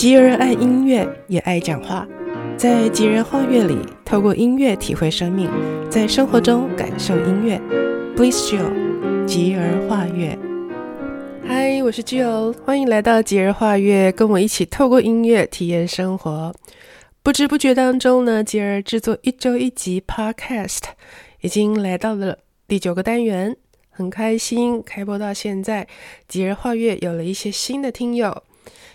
吉爾愛音樂，也愛講話。在吉爾畫樂裡，透過音樂體會生命，在生活中感受音樂。Please join 吉爾畫樂。嗨，我是吉兒，歡迎來到吉爾畫樂，跟我一起透過音樂體驗生活。不知不覺當中呢，吉爾製作一週一集 podcast 已經來到了第九個單元，很開心。開播到現在，吉爾畫樂有了一些新的聽友。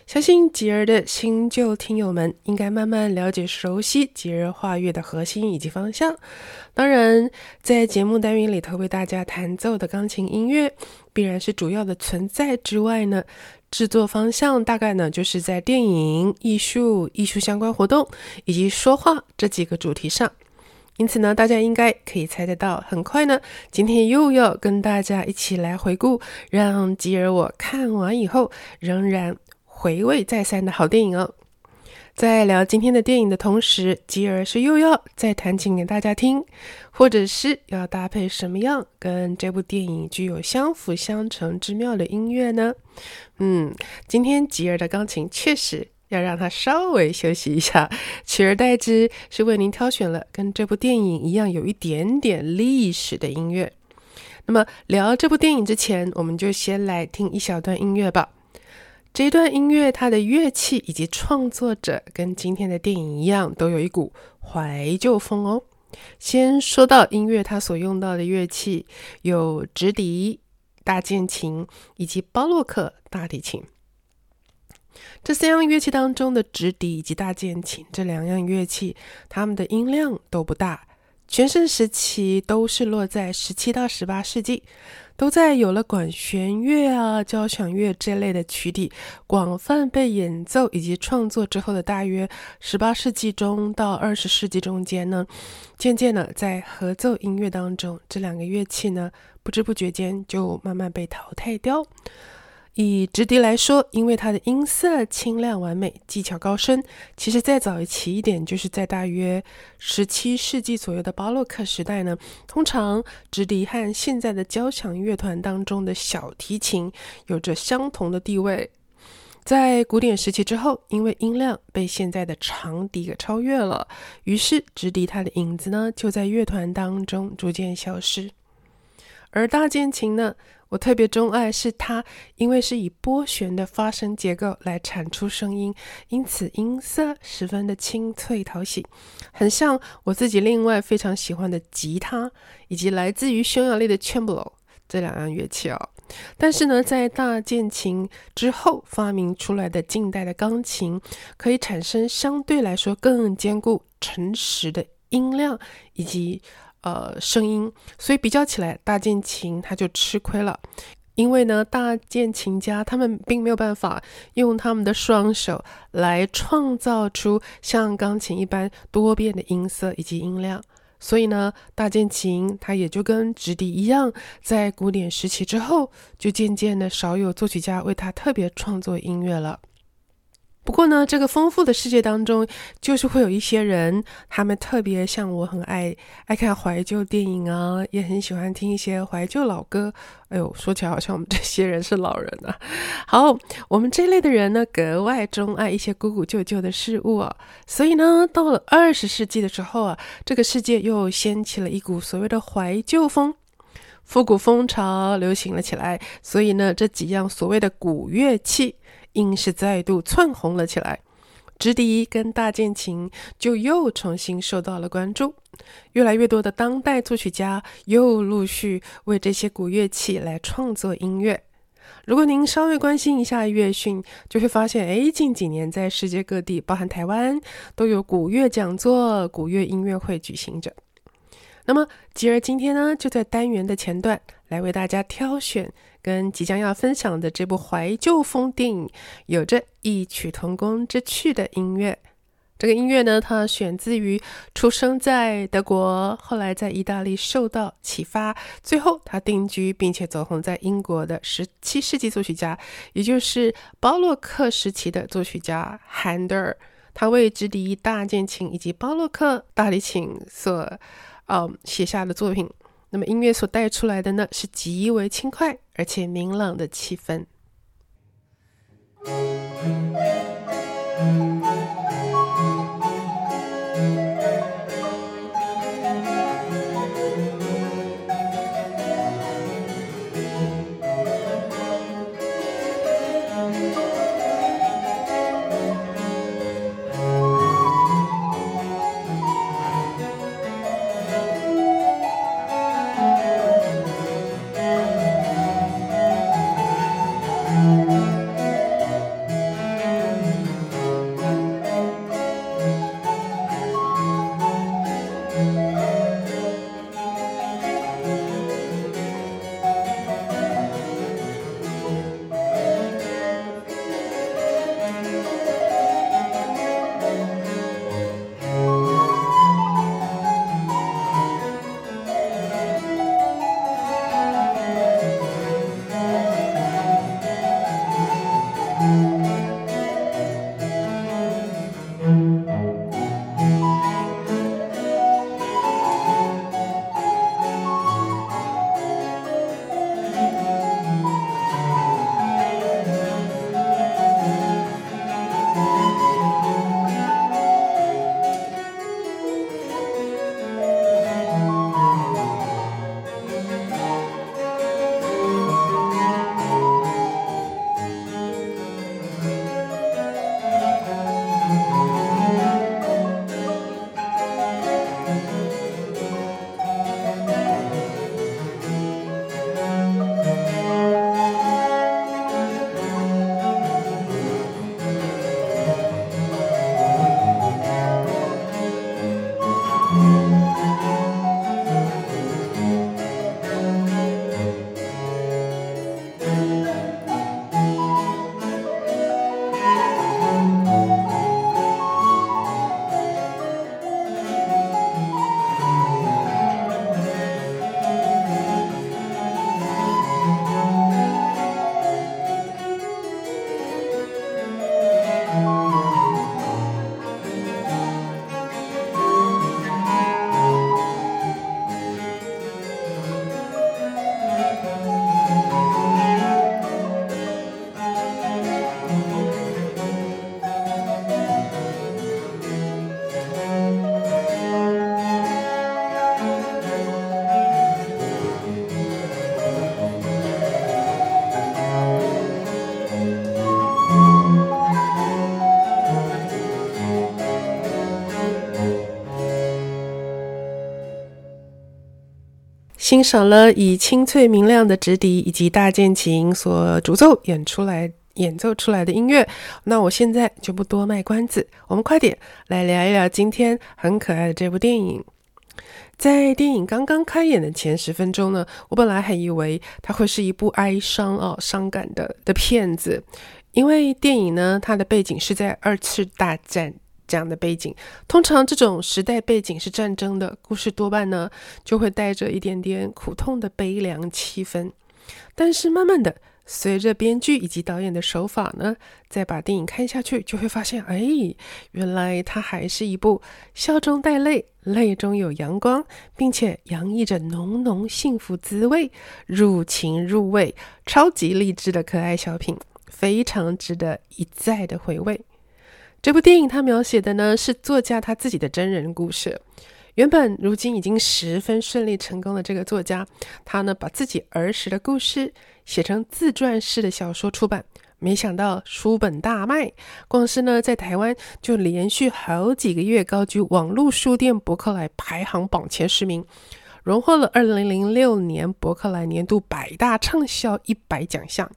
相信吉兒的新舊聽友們應該慢慢了解、熟悉吉兒畫樂的核心以及方向。當然，在節目單元裡頭為大家彈奏的鋼琴音樂，必然是主要的存在之外呢，製作方向大概呢就是在電影、藝術、藝術相關活動以及說話這幾個主題上。因此呢，大家應該可以猜得到，很快呢，今天又要跟大家一起來回顧，讓吉兒我看完以後仍然。回味再三的好電影哦，在聊今天的電影的同時，吉爾是又要再彈琴給大家聽，或者是要搭配什麼樣跟這部電影具有相輔相成之妙的音樂呢？嗯，今天吉爾的鋼琴確實要讓他稍微休息一下，取而代之是為您挑選了跟這部電影一樣有一點點歷史的音樂。那麼聊這部電影之前，我們就先來聽一小段音樂吧。這一段音樂，它的樂器以及創作者跟今天的電影一樣，都有一股懷舊風哦。先說到音樂，它所用到的樂器有直笛、大鍵琴以及巴洛克大提琴。這三樣樂器當中的直笛以及大鍵琴這兩樣樂器，它們的音量都不大。全盛時期都是落在十七到十八世紀。都在有了管弦樂啊、交響樂這類的曲體，廣泛被演奏以及創作之後的大約十八世紀中到二十世紀中間呢，漸漸的在合奏音樂當中，這兩個樂器呢，不知不覺間就慢慢被淘汰掉。以直笛來說，因為它的音色清亮完美，技巧高深，其實再早一期一點，就是在大約十七世紀左右的巴洛克時代呢。通常直笛和現在的交響樂團當中的小提琴有着相同的地位。在古典時期之後，因為音量被現在的長笛給超越了，於是直笛它的影子呢就在樂團當中逐漸消失。而大鍵琴呢？我特別鍾愛是它，因為是以撥弦的發聲結構來產出聲音，因此音色十分的清脆、討喜，很像我自己另外非常喜歡的吉他，以及來自於匈牙利的 Cimbalom 這兩樣樂器哦。但是呢，在大鍵琴之後發明出來的近代的鋼琴，可以產生相對來說更堅固、誠實的音量以及，呃，聲音，所以比較起來，大鍵琴它就吃虧了，因為呢，大鍵琴家他們並沒有辦法用他們的雙手來創造出像鋼琴一般多變的音色以及音量，所以呢，大鍵琴它也就跟直笛一樣，在古典時期之後，就漸漸的少有作曲家為它特別創作音樂了。不過呢，這個豐富的世界當中，就是會有一些人，他們特別像我，很愛愛看懷舊電影啊，也很喜歡聽一些懷舊老歌。哎呦，說起來好像我們這些人是老人啊。好，我們這類的人呢，格外鍾愛一些古古舊舊的事物啊。所以呢，到了二十世紀的時候啊，這個世界又掀起了一股所謂的懷舊風，復古風潮，流行了起來。所以呢，這幾樣所謂的古樂器，硬是再度竄紅了起來，直笛跟大鍵琴就又重新受到了關注，越來越多的當代作曲家又陸續為這些古樂器來創作音樂。如果您稍微關心一下樂訊，就會發現，誒、哎，近幾年在世界各地，包含台灣，都有古樂講座、古樂音樂會舉行着。那麼，吉兒今天呢，就在單元的前段來為大家挑選跟即將要分享的這部懷舊風電影有着異曲同工之趣的音樂，這個音樂呢，它選自於出生在德國，後來在意大利，受到啟發，最後他定居並且走紅在英國的十七世紀作曲家，也就是巴洛克時期的作曲家亨德爾他為直笛、大鍵琴以及巴洛克大提琴所，嗯、呃、寫下的作品。那麼音樂所帶出來的呢，是極為輕快而且明朗的氣氛。 欣賞了以清脆明亮的直笛以及大鍵琴所主奏演出來演奏出來的音樂，那我現在就不多賣關子，我們快點來聊一聊今天很可愛的這部電影。在電影剛剛開演的前十分鐘呢，我本來還以為它會是一部哀傷哦，傷感的的片子，因為電影呢，它的背景是在二次大戰。這樣的背景，通常這種時代背景是戰爭的故事，多半呢就會帶着一點點苦痛的悲涼氣氛。但是慢慢的，隨着編劇以及導演的手法呢，再把電影看下去，就會發現，哎，原來它還是一部笑中帶淚、淚中有陽光，並且洋溢着濃濃幸福滋味、入情入味、超級勵志的可愛小品，非常值得一再的回味。這部電影他描寫的呢是作家他自己的真人故事。原本如今已經十分順利成功的這個作家，他呢把自己兒時的故事寫成自傳式的小說出版，沒想到書本大賣，光是呢在台灣就連續好幾個月高居網絡書店博客來排行榜前十名，榮獲了二零零六年博客來年度百大暢銷一百獎項。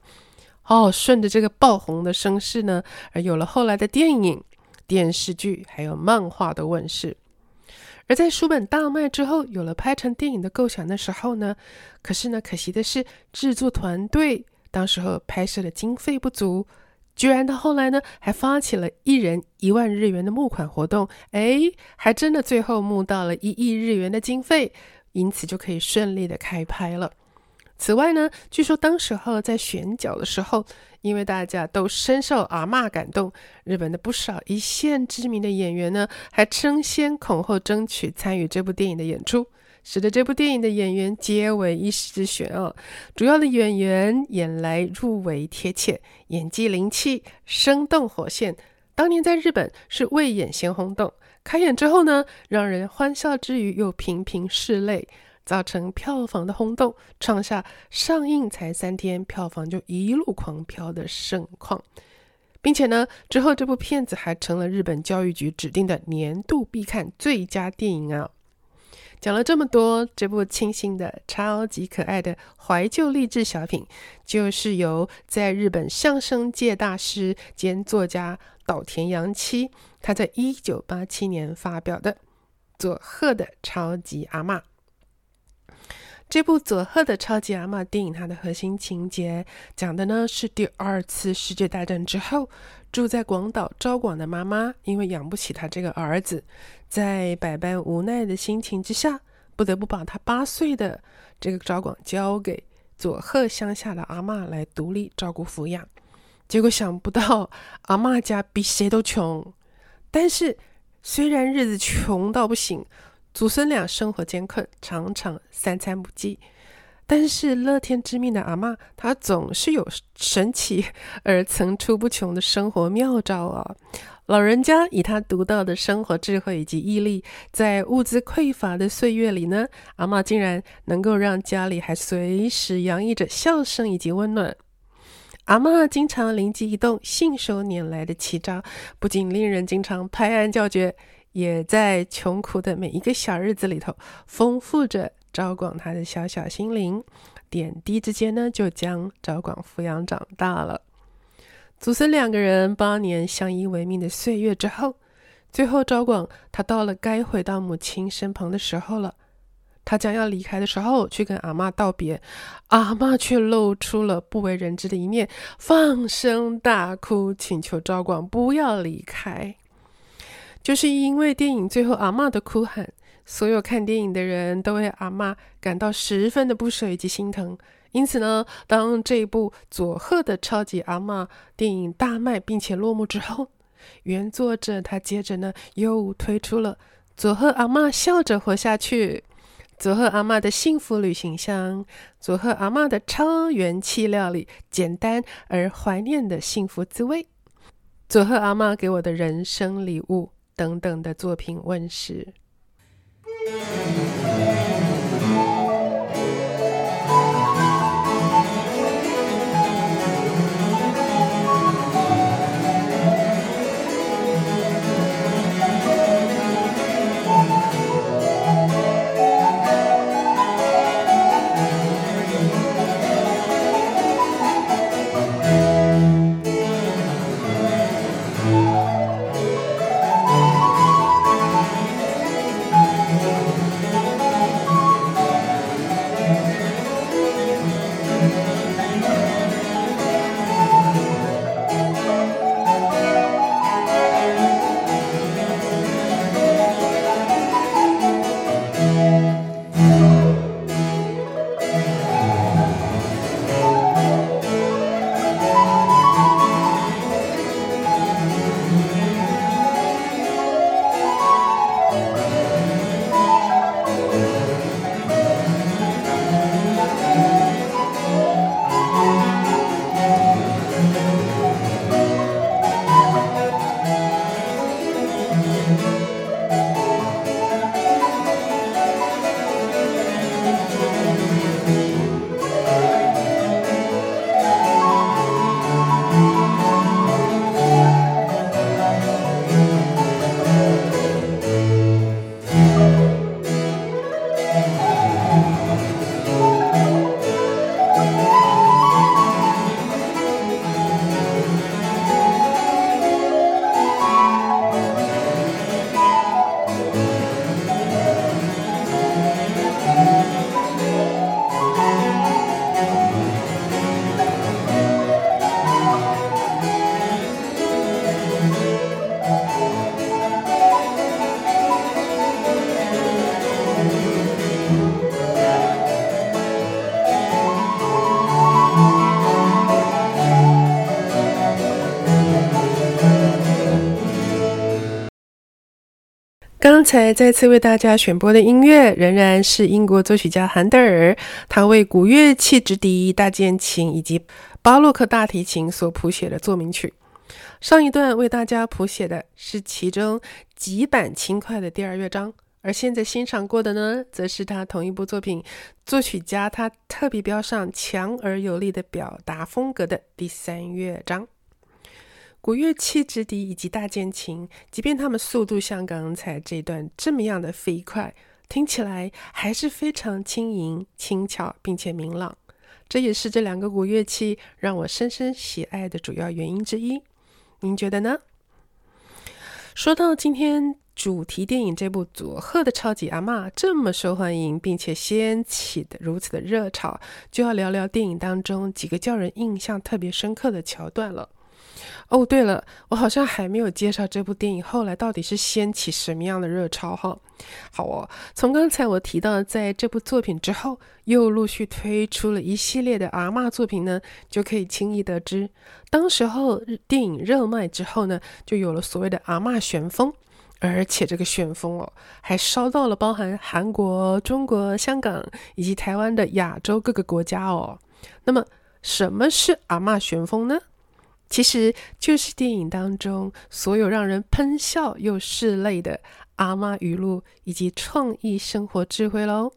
哦，順着這個爆紅的聲勢呢，而有了後來的電影、電視劇，還有漫畫的問世。而在書本大賣之後，有了拍成電影的構想的時候呢，可是呢，可惜的是，製作團隊當時候拍攝的經費不足，居然到後來呢，還發起了一人一萬日元的募款活動，哎，還真的最後募到了一億日元的經費，因此就可以順利的開拍了。此外呢，據說當時候在選角的時候，因為大家都深受阿嬤感動，日本的不少一線知名的演員呢，還爭先恐後爭取參與這部電影的演出，使得這部電影的演員皆為一時之選啊。主要的演員演來入圍貼切，演技靈氣，生動活現。當年在日本是未演先轟動，開演之後呢，讓人歡笑之餘又頻頻拭淚。造成票房的轟動，創下上映才三天票房就一路狂飆的盛況，並且呢，之後這部片子還成了日本教育局指定的年度必看最佳電影啊！講了這麼多，這部清新的、超級可愛的懷舊勵志小品，就是由在日本相聲界大師兼作家島田洋七他在一九八七年發表的《佐賀的超級阿嬤》。這部佐賀的超級阿嬤電影，它的核心情節講的呢，是第二次世界大戰之後，住在廣島昭廣的媽媽，因為養不起他這個兒子，在百般無奈的心情之下，不得不把他八歲的這個昭廣交給佐賀鄉下的阿嬤來獨立照顧撫養。結果想不到阿嬤家比誰都窮，但是雖然日子窮到不行。祖孫倆生活艱困，常常三餐不繼。但是樂天知命的阿嬤，她總是有神奇而層出不窮的生活妙招哦、啊。老人家以她獨到的生活智慧以及毅力，在物資匱乏的歲月裡呢，阿嬤竟然能夠讓家裡還隨時洋溢着笑聲以及溫暖。阿嬤經常靈機一動、信手拈來的奇招，不僅令人經常拍案叫絕。也在窮苦的每一個小日子裡頭，豐富着昭廣他的小小心靈，點滴之間呢，就將昭廣撫養長大了。祖孫兩個人八年相依為命的歲月之後，最後昭廣他到了該回到母親身旁的時候了。他將要離開的時候，去跟阿嬤道別，阿嬤卻露出了不為人知的一面，放聲大哭，請求昭廣不要離開。就是因為電影最後阿嬤的哭喊，所有看電影的人都為阿嬤感到十分的不捨以及心疼。因此呢，當這一部佐賀的超級阿嬤電影大賣並且落幕之後，原作者他接着呢又推出了《佐賀阿嬤笑着活下去》《佐賀阿嬤的幸福旅行箱》《佐賀阿嬤的超元氣料理：簡單而懷念的幸福滋味》《佐賀阿嬤給我的人生禮物》，等等的作品問世。剛才再次為大家選播的音樂仍然是英國作曲家韓德爾，他為古樂器之笛、大鍵琴以及巴洛克大提琴所譜寫的奏鳴曲。上一段為大家譜寫的是其中極板輕快的第二樂章，而現在欣賞過的呢，則是他同一部作品，作曲家他特別標上強而有力的表達風格的第三樂章。古樂器之笛以及大鍵琴，即便它們速度像剛才這段這麼樣的飛快，聽起來還是非常輕盈、輕巧，並且明朗。這也是這兩個古樂器讓我深深喜愛的主要原因之一。您覺得呢？說到今天主題電影這部《佐賀的超級阿嬤》這麼受歡迎，並且掀起的如此的熱潮，就要聊聊電影當中幾個叫人印象特別深刻的橋段了。哦，對了，我好像還沒有介紹這部電影後來到底是掀起什麼樣的熱潮哈。好哦，從剛才我提到在這部作品之後又陸續推出了一系列的阿嬤作品呢，就可以輕易得知，當時候電影熱賣之後呢，就有了所謂的阿嬤旋風，而且這個旋風哦，還燒到了包含韓國、中國、香港以及台灣的亞洲各個國家哦。那麼，什麼是阿嬤旋風呢？其實就是電影當中所有讓人噴笑又拭淚的阿嬤語錄以及創意生活智慧嘍。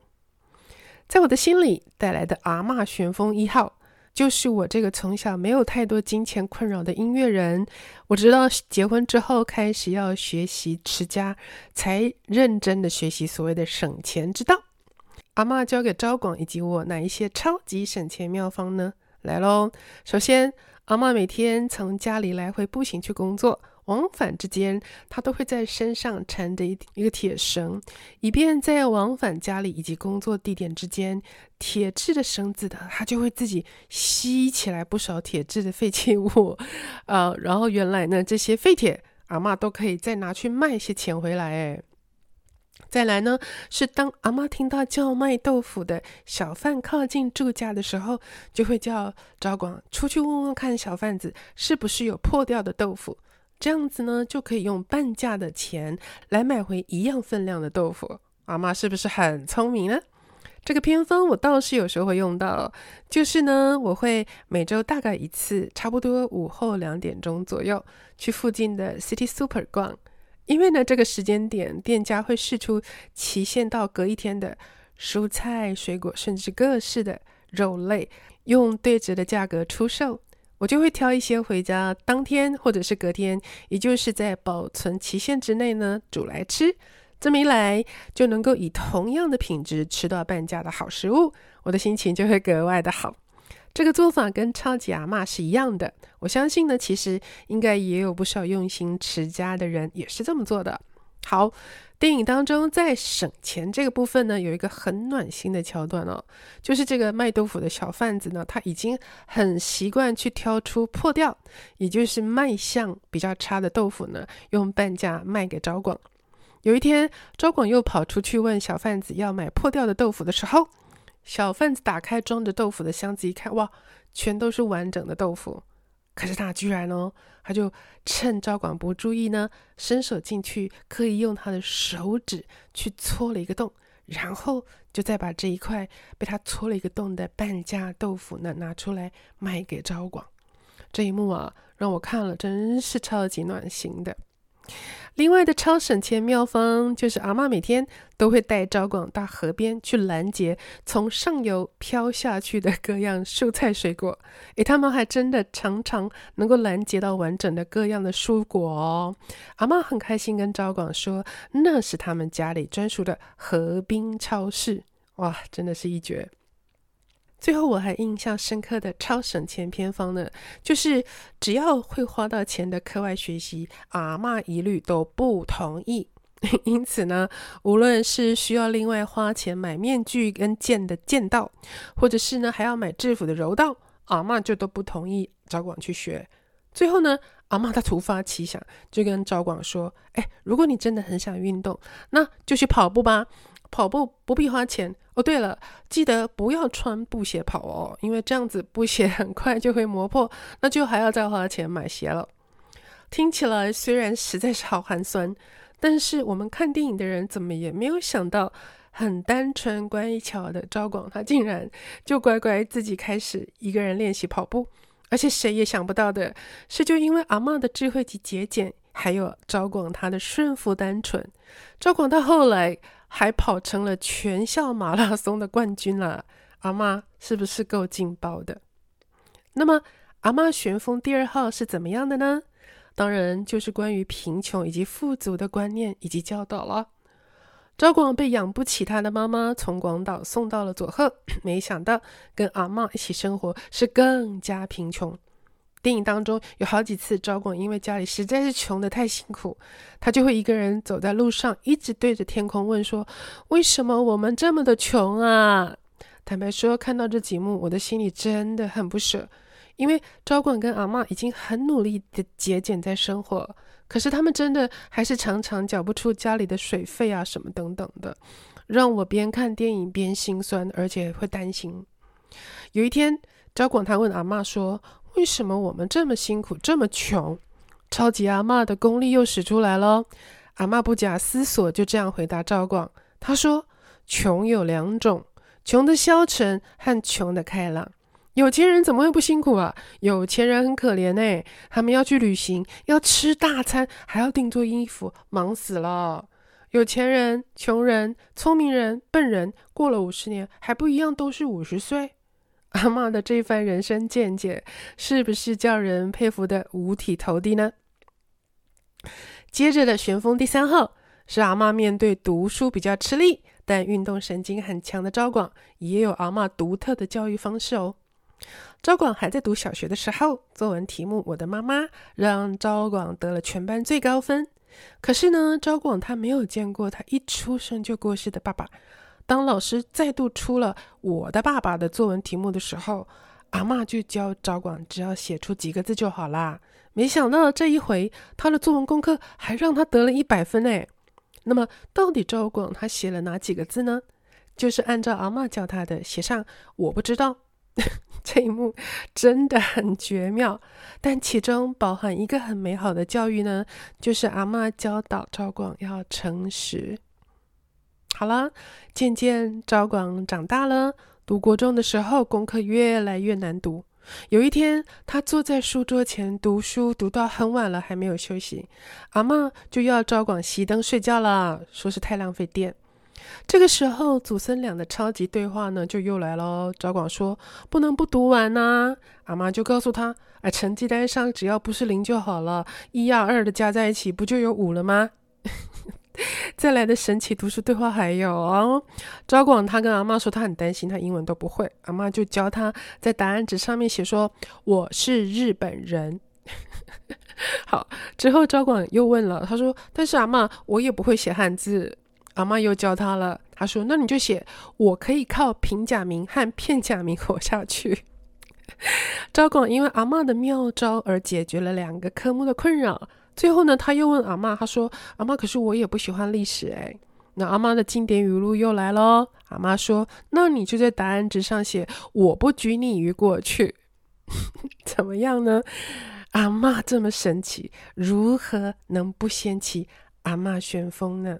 在我的心裡，帶來的阿嬤旋風一號，就是我這個從小沒有太多金錢困擾的音樂人，我直到結婚之後開始要學習持家，才認真的學習所謂的省錢之道。阿嬤教給昭廣以及我哪一些超級省錢妙方呢？來嘍，首先。阿嬤每天從家裡來回步行去工作，往返之間，她都會在身上纏着一一個鐵繩，以便在往返家裡以及工作地點之間。鐵質的繩子的，他就會自己吸起來不少鐵質的廢棄物，啊、呃，然後原來呢，這些廢鐵阿嬤都可以再拿去賣些錢回來，哎再來呢，是當阿嬤聽到叫賣豆腐的小販靠近住家的時候，就會叫昭廣出去問問看小販子是不是有破掉的豆腐，這樣子呢就可以用半價的錢來買回一樣分量的豆腐。阿嬤是不是很聰明呢？這個偏方我倒是有時候會用到，就是呢我會每周大概一次，差不多午後兩點鐘左右去附近的 City Super 逛。因為呢，這個時間點，店家會釋出期限到隔一天的蔬菜、水果，甚至各式的肉類，用對折的價格出售。我就會挑一些回家，當天或者是隔天，也就是在保存期限之內呢，煮來吃。這麼一來，就能夠以同樣的品質吃到半價的好食物，我的心情就會格外的好。這個做法跟超級阿嬤是一樣的，我相信呢，其實應該也有不少用心持家的人也是這麼做的。好，電影當中在省錢這個部分呢，有一個很暖心的橋段哦，就是這個賣豆腐的小販子呢，他已經很習慣去挑出破掉，也就是賣相比較差的豆腐呢，用半價賣給昭廣。有一天，昭廣又跑出去問小販子要買破掉的豆腐的時候。小販子打開裝着豆腐的箱子，一看，哇，全都是完整的豆腐。可是他居然哦，他就趁趙廣不注意呢，伸手進去，刻意用他的手指去戳了一個洞，然後就再把這一塊被他戳了一個洞的半價豆腐呢拿出來賣給趙廣。這一幕啊，讓我看了真是超級暖心的。另外的超省錢妙方，就是阿嬤每天都會帶昭廣到河邊去攔截從上游漂下去的各樣蔬菜水果。誒，他們還真的常常能夠攔截到完整的各樣的蔬果哦。阿嬤很開心跟昭廣說，那是他們家裡專屬的河濱超市。哇，真的是一絕。最後我還印象深刻的超省錢偏方呢，就是只要會花到錢的課外學習，阿嬤一律都不同意。 因此呢，無論是需要另外花錢買面具跟劍的劍道，或者是呢還要買制服的柔道，阿嬤就都不同意昭廣去學。最後呢，阿嬤她突發奇想，就跟昭廣說：“誒、哎，如果你真的很想運動，那就去跑步吧。”跑步不必花錢哦。對了，記得不要穿布鞋跑哦，因為這樣子布鞋很快就會磨破，那就還要再花錢買鞋了。聽起來雖然實在是好寒酸，但是我們看電影的人怎麼也沒有想到，很單純乖巧的昭廣，他竟然就乖乖自己開始一個人練習跑步。而且誰也想不到的是，就因為阿嬤的智慧及節儉，還有昭廣他的順服單純，昭廣到後來。還跑成了全校馬拉松的冠軍了，阿嬤是不是夠勁爆的？那麼阿嬤旋風第二號是怎麼樣的呢？當然就是關於貧窮以及富足的觀念以及教導了。昭廣被養不起他的媽媽從廣島送到了佐賀，沒想到跟阿嬤一起生活是更加貧窮。電影當中有好幾次，招廣因為家裡實在是窮得太辛苦，他就會一個人走在路上，一直對着天空問說：“為什麼我們這麼的窮啊？”坦白說，看到這幾幕，我的心裡真的很不舍，因為招廣跟阿嬤已經很努力地節儉在生活，可是他們真的還是常常繳不出家裡的水費啊什麼等等的，讓我邊看電影邊心酸，而且會擔心。有一天，招廣他問阿嬤說。為什麼我們這麼辛苦，這麼窮？超級阿嬤的功力又使出來咯、哦。阿嬤不假思索就這樣回答趙廣：“她說，窮有兩種，窮的消沉和窮的開朗。有錢人怎麼會不辛苦啊？有錢人很可憐呢、欸，他們要去旅行，要吃大餐，還要訂做衣服，忙死了。有錢人、窮人、聰明人、笨人，過了五十年還不一樣，都是五十歲。”阿嬤的這番人生見解，是不是叫人佩服得五體投地呢？接着的旋風第三號是阿嬤面對讀書比較吃力，但運動神經很強的昭廣，也有阿嬤獨特的教育方式哦。昭廣還在讀小學的時候，作文題目《我的媽媽》，讓昭廣得了全班最高分。可是呢，昭廣他沒有見過他一出生就過世的爸爸。當老師再度出了我的爸爸的作文題目的時候，阿嬤就教趙廣只要寫出幾個字就好啦。沒想到這一回他的作文功課還讓他得了一百分哎。那麼到底趙廣他寫了哪幾個字呢？就是按照阿嬤教他的，寫上我不知道。 這一幕真的很絕妙，但其中包含一個很美好的教育呢，就是阿嬤教導趙廣要誠實。好了，漸漸趙廣長大了，讀國中的時候，功課越來越難讀。有一天，他坐在書桌前讀書，讀到很晚了還沒有休息，阿嬤就要趙廣熄燈睡覺了，說是太浪費電。這個時候，祖孫倆的超級對話呢就又來了哦。趙廣說：“不能不讀完吶啊。”阿嬤就告訴他：“啊，成績單上只要不是零就好了，一啊、二的加在一起不就有五了嗎？”再來的神奇讀書對話還有哦，昭廣，他跟阿嬤說他很擔心他英文都不會，阿嬤就教他在答案紙上面寫說我是日本人。 好，之後昭廣又問了，他說，但是阿嬤，我也不會寫漢字，阿嬤又教他了，他說，那你就寫我可以靠平假名和片假名活下去。昭 廣因為阿嬤的妙招而解決了兩個科目的困擾。最後呢，他又問阿嬤，他說：“阿嬤，可是我也不喜歡歷史哎。”那阿嬤的經典語錄又來咯，阿嬤說：“那你就在答案紙上寫‘我不拘泥於過去’， 怎麼樣呢？”阿嬤這麼神奇，如何能不掀起阿嬤旋風呢？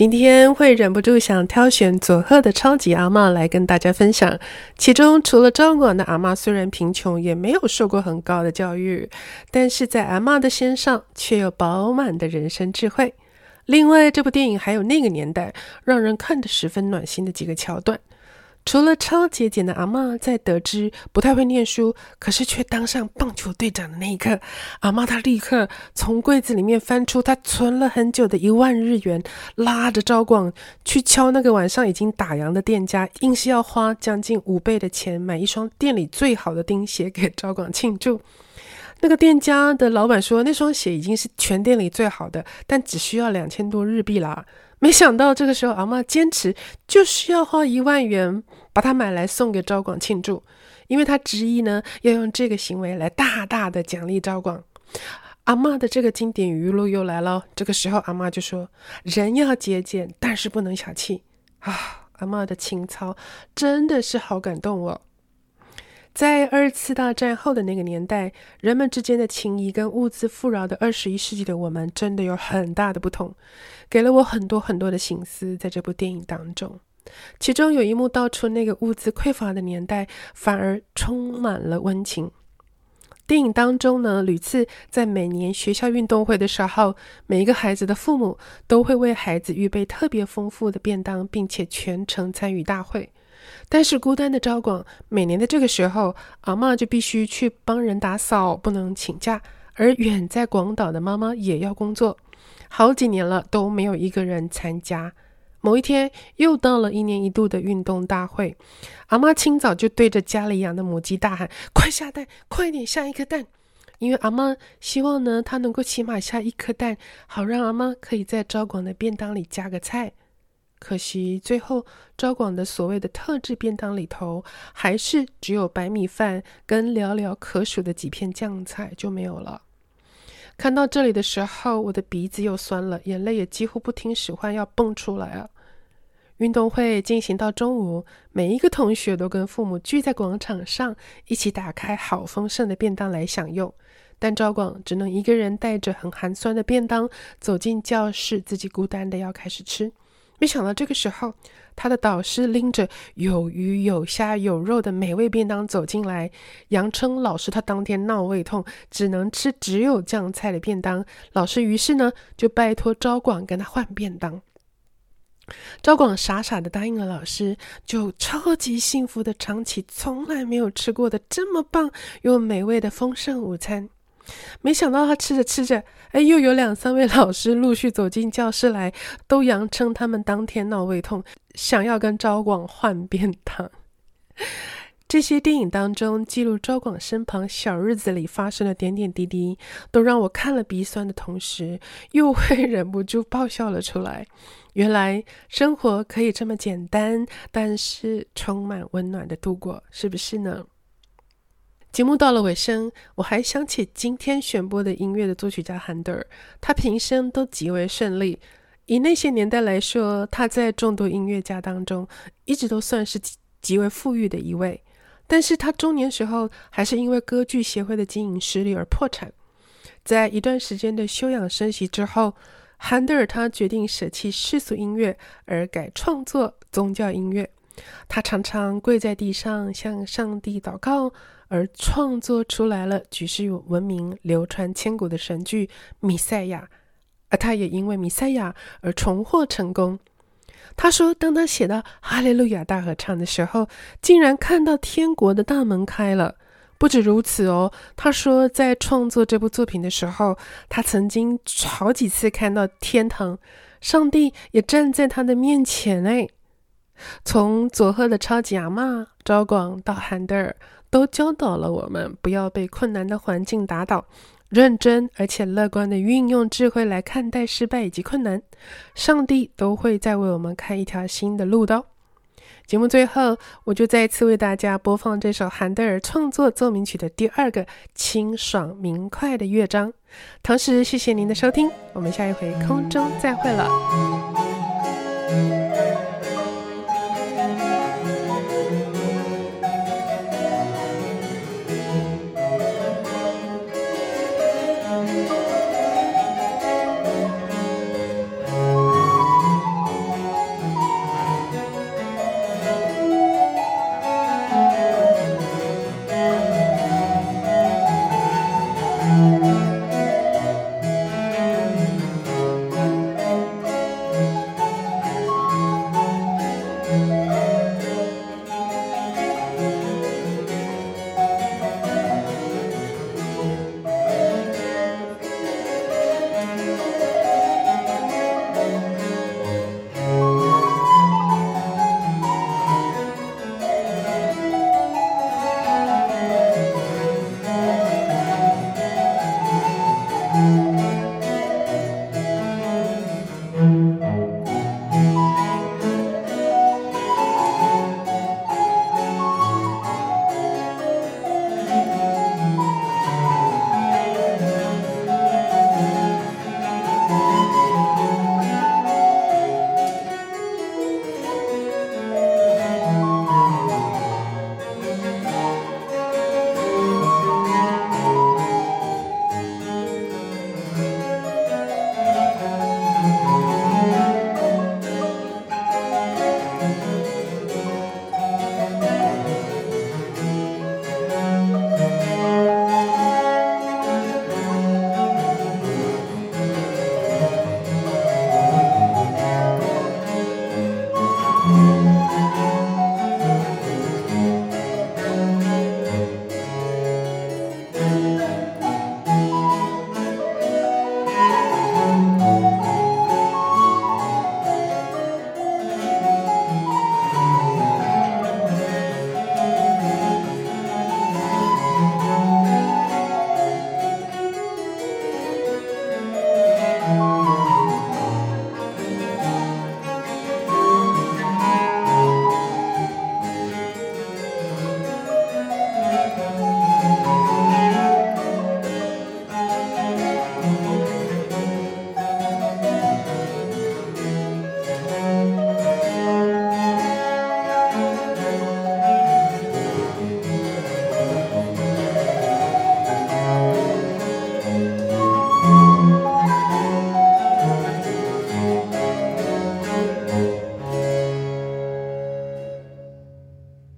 今天會忍不住想挑選佐賀的超級阿嬤來跟大家分享，其中除了張廣的阿嬤雖然貧窮，也沒有受過很高的教育，但是在阿嬤的身上卻有飽滿的人生智慧。另外，這部電影還有那個年代，讓人看得十分暖心的幾個橋段。除了超節儉的阿嬤，在得知不太會念書，可是卻當上棒球隊長的那一刻，阿嬤她立刻從櫃子裡面翻出她存了很久的一萬日元，拉着昭廣去敲那個晚上已經打烊的店家，硬是要花將近五倍的錢買一雙店裡最好的釘鞋給昭廣慶祝。那個店家的老闆說，那雙鞋已經是全店裡最好的，但只需要兩千多日幣了。沒想到這個時候，阿嬤堅持就是要花一萬元把它買來送給昭廣慶祝，因為她執意呢要用這個行為來大大的獎勵昭廣。阿嬤的這個經典語錄又來了，這個時候阿嬤就說：“人要節儉，但是不能小氣啊！”阿嬤的情操真的是好感動哦。在二次大戰後的那個年代，人們之間的情誼跟物資富饒的二十一世紀的我們真的有很大的不同，給了我很多很多的省思。在這部電影當中，其中有一幕道出那個物資匱乏的年代，反而充滿了溫情。電影當中呢，屢次在每年學校運動會的時候，每一個孩子的父母都會為孩子預備特別豐富的便當，並且全程參與大會。但是孤單的昭廣，每年的這個時候，阿嬤就必須去幫人打掃，不能請假。而遠在廣島的媽媽也要工作，好幾年了都沒有一個人參加。某一天，又到了一年一度的運動大會，阿嬤清早就對着家裡養的母雞大喊：“快下蛋，快點下一顆蛋！”因為阿嬤希望呢，她能夠起碼下一顆蛋，好讓阿嬤可以在昭廣的便當裡加個菜。可惜最後，昭廣的所謂的特製便當裡頭，還是只有白米飯跟寥寥可數的幾片醬菜就沒有了。看到這裡的時候，我的鼻子又酸了，眼淚也幾乎不聽使喚要蹦出來啊！運動會進行到中午，每一個同學都跟父母聚在廣場上，一起打開好豐盛的便當來享用。但昭廣只能一個人帶着很寒酸的便當走進教室，自己孤單的要開始吃。沒想到這個時候，他的導師拎着有魚有蝦有肉的美味便當走進來。楊琛老師他當天鬧胃痛，只能吃只有醬菜的便當。老師於是呢，就拜託昭廣跟他換便當。昭廣傻傻的答應了老師，就超級幸福的嚐起從來沒有吃過的這麼棒又美味的豐盛午餐。沒想到他吃着吃着，哎，又有兩三位老師陸續走進教室來，都佯稱他們當天鬧胃痛，想要跟昭廣換便當。這些電影當中記錄昭廣身旁小日子裡發生的點點滴滴，都讓我看了鼻酸的同時，又會忍不住爆笑了出來。原來生活可以這麼簡單，但是充滿溫暖的度過，是不是呢？節目到了尾聲，我還想起今天選播的音樂的作曲家韓德爾，他平生都極為順利。以那些年代來說，他在眾多音樂家當中一直都算是極極為富裕的一位。但是他中年時候還是因為歌劇協會的經營失利而破產。在一段時間的休養生息之後，韓德爾他決定捨棄世俗音樂而改創作宗教音樂。他常常跪在地上向上帝禱告。而創作出來了舉世聞名、流傳千古的神劇《彌賽亞》，而他也因為《彌賽亞》而重獲成功。他說，當他寫到《哈利路亞大合唱》的時候，竟然看到天國的大門開了。不止如此哦，他說，在創作這部作品的時候，他曾經好幾次看到天堂，上帝也站在他的面前。哎，從佐賀的超級阿嬤昭廣到韓德爾。都教導了我們不要被困難的環境打倒，認真而且樂觀地運用智慧來看待失敗以及困難，上帝都會再為我們開一條新的路的。節目最後，我就再次為大家播放這首韓德爾創作奏鳴曲的第二個清爽明快的樂章。同時，謝謝您的收聽，我們下一回空中再會了。